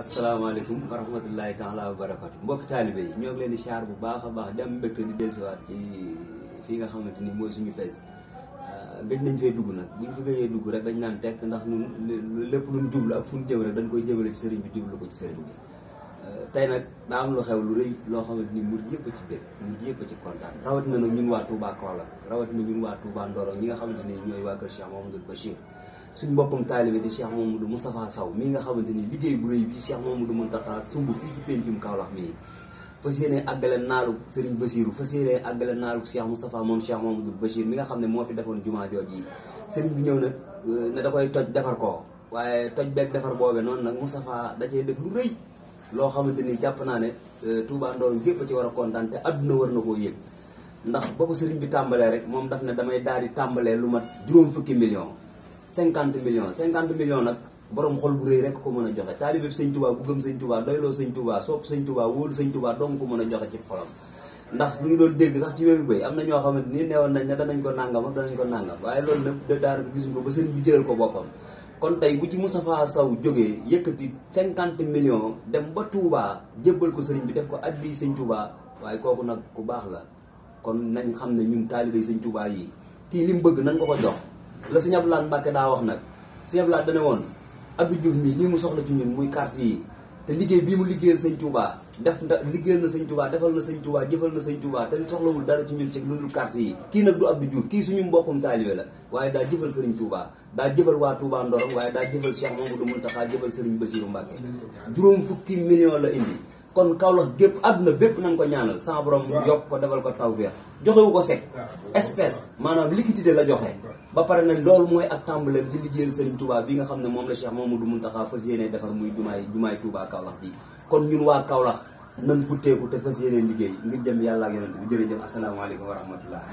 asalaamaaleykum wa rahmatullahi taala wa barakatu mbokk taalibe yi ñoo ngi leen di siyaar bu baax a baax di am mbégte di dellusiwaat ci fii nga xamante ni mooy suñu fees ah, gëj nañ fee dugg nag bu ñu fa dugg rek dañ naan tekk ndax ñun lépp luñ jublu ak fu ñu jëm rek dañ koy jëmale ci sëriñ bi jublu ko ci sëriñ bi ah, tey nag daa am lu xew lu rëy loo xamante ni murid yëpp a ci bég murid yëpp a ci kontaan rawatina nag ñun waa Touba Kaolack rawatina ñun waa Touba Ndorong ñi nga xamante ni ñooy waa kër Cheikh Mamadou Bachir suñ boppam taalibe moom Cheikh Mamadou Moustapha saw mi nga xamante ni liggéey bu rëy bi Cheikh Mamadou Mountakha sumb fii ci péncum Kaolack mii fas yéene àggale naalu Serigne Bassirou fas yéene àggale naalu Cheikh Moustapha moom Cheikh Mamadou Bachir mi nga xam ne moo fi defoon jumaa jooju yi Serigne bi ñëw nag euh, ne da koy toj defar ko waaye toj beeg defar boobe noonu nag Moustapha da cee def lu rëy loo xamante ni jàpp naa ne euh, Touba Ndorong gépp ci war a kontaan te adduna war na koo yëg ndax ba ko bi tàmbalee rek moom daf ne damay daal di tàmbalee lu mat juróom fukki million cinquante million cinquante millions nag borom xol bu rëy rek ko mën a joxe taalibe bi sëñ Tuubaa bu gëm sëñ Tuubaa doyloo sëñ Tuubaa sopp sëñ Tuubaa wóolu sëñ Tuubaa ko a joxe ci ndax ñu ngi doon dégg sax ci wéeru bay am na ñoo xamante ni neewoon nañ ne danañ ko nàngam ak danañ ko nàngam waaye loolu lépp daanaka gisuñ ko ba sëriñ bi jëlal ko boppam kon tey bu ci Moustapha Sow jógee yëkkati cinquante millions dem ba Touba jébbal ko sëriñ bi def ko addi sëñ Touba waaye kooku nag ku baax la kon nañ xam ne ñun taalibe sëñ Touba yi kii li mu bëgg nañ ko ko jox la sëñ Abdou Lahad daa wax nag sëñ Abdou Lahad dane woon Abdou Diouf mii lii mu soxla ci ñun muy carte yi te liggéey bii mu liggéeyal sëñ Touba def na liggéeyal na sëñ Touba defal na sëñ Touba jëfal na sëñ Touba te soxlawul dara ci ñun ci lu dul carte yi kii nag du Abdou Diouf kii suñu mbokkum taalibe la waaye daa jëfal sëriñ Touba daa jëfal waa Touba Ndorong waaye daa jëfal Cheikh Mamadou Mountakha jëfal sëriñ Bassirou Mbacke juróom fukki million la indi kon Kaolack gépp àdduna bépp nañ ko ñaanal sama borom yokk ko defal ko tawfeex joxewu ko sec espèce maanaam liquidité la joxe ba pare na loolu mooy ak tàmbaleem ci liggéeyal Serigne Touba bi nga xam ne moom la Cheikh Mamadou Mountakha fas yéene defar muy jumaay jumaay Touba Kaolack ji kon ñun waa Kaolack nan futteeku te fas yeneen liggéey ngir jëm yàllaa ak yonent bi jërëjëf asalaamaaleykum wa rahmatullah